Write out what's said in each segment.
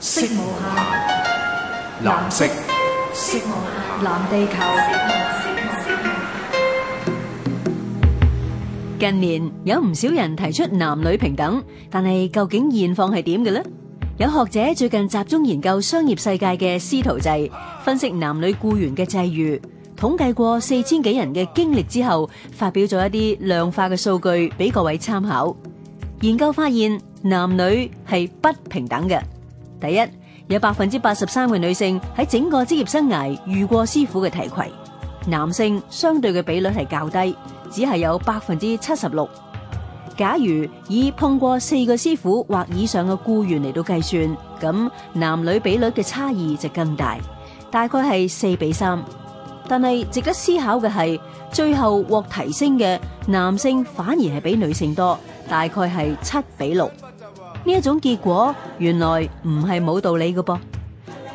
色母下，藍色色母下，藍地球。近年有唔少人提出男女平等，但係究竟現況係點嘅呢？有學者最近集中研究商業世界嘅司徒制，分析男女僱員嘅際遇，統計過四千幾人嘅經歷之後，發表咗一啲量化嘅數據俾各位參考。研究發現，男女係不平等嘅。第一，有百分之八十三嘅女性喺整個職業生涯遇過師傅嘅提攜，男性相對嘅比率係較低，只係有百分之七十六。假如以碰過四個師傅或以上嘅雇員嚟到計算，咁男女比率嘅差異就更大，大概係四比三。但係值得思考嘅係，最後獲提升嘅男性反而係比女性多，大概係七比六。呢一種結果原來唔係冇道理嘅噃。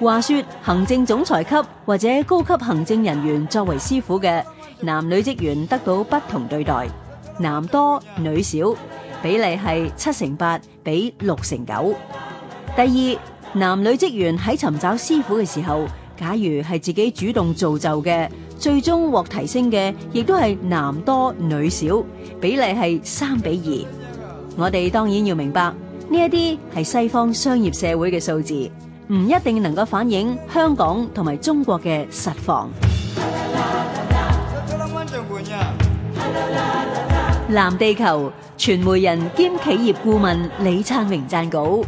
話說行政總裁級或者高級行政人員作為師傅嘅男女職員得到不同對待，男多女少，比例係七成八比六成九。第二，男女職員喺尋找師傅嘅時候，假如係自己主動造就嘅，最終獲提升嘅亦都係男多女少，比例係三比二。我哋當然要明白。呢一啲係西方商業社會嘅數字，唔一定能夠反映香港同埋中國嘅實況。藍地球傳媒人兼企業顧問李燦榮撰稿。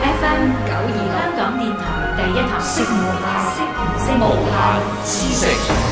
FM 九二香港電台第一台。無限知識。